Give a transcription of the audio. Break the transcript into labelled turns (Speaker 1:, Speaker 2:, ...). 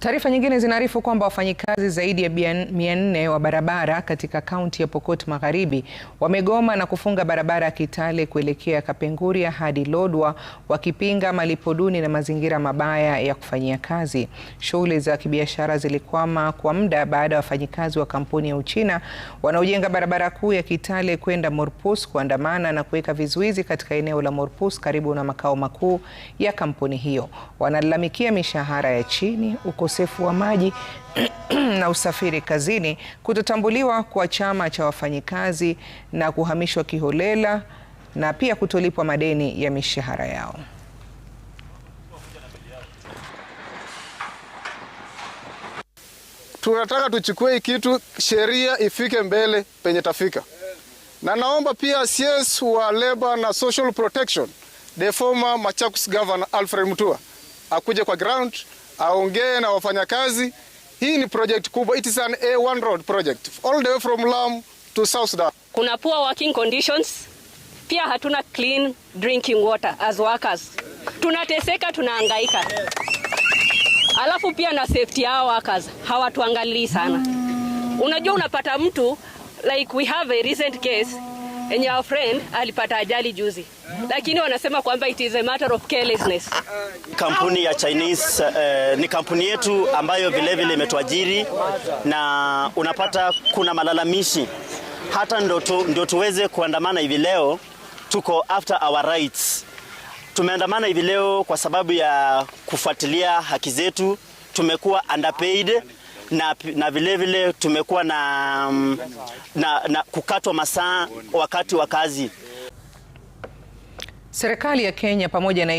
Speaker 1: Taarifa nyingine zinaarifu kwamba wafanyikazi zaidi ya 400 wa barabara katika kaunti ya Pokot Magharibi wamegoma na kufunga barabara ya Kitale kuelekea Kapenguria hadi Lodwar wakipinga malipo duni na mazingira mabaya ya kufanyia kazi. Shughuli za kibiashara zilikwama kwa muda baada ya wafanyikazi wa kampuni ya Uchina wanaojenga barabara kuu ya Kitale kwenda Morpus kuandamana na kuweka vizuizi katika eneo la Morpus karibu na makao makuu ya kampuni hiyo. Wanalalamikia mishahara ya chini uko ukosefu wa maji na usafiri kazini, kutotambuliwa kwa chama cha wafanyikazi na kuhamishwa kiholela na pia kutolipwa madeni ya mishahara yao.
Speaker 2: Tunataka tuchukue hii kitu, sheria ifike mbele penye tafika, na naomba pia CS wa Labor na Social Protection, the former Machakos governor Alfred Mutua akuje kwa ground aongee na wafanyakazi. Hii ni project kubwa, it is an A1 road project all the way from Lamu to South Sudan.
Speaker 3: Kuna poor working conditions, pia hatuna clean drinking water as workers, tunateseka, tunahangaika, alafu pia na safety our workers hawatuangalii sana. Unajua, unapata mtu like we have a recent case yenye our friend alipata ajali juzi, lakini wanasema kwamba it is a matter of carelessness.
Speaker 4: Kampuni ya Chinese eh, ni kampuni yetu ambayo vilevile imetuajiri na unapata kuna malalamishi hata ndo, tu, ndo tuweze kuandamana hivi leo. Tuko after our rights. Tumeandamana hivi leo kwa sababu ya kufuatilia haki zetu. Tumekuwa underpaid na, na vilevile tumekuwa na um, na, na kukatwa masaa wakati wa kazi. Serikali ya Kenya pamoja na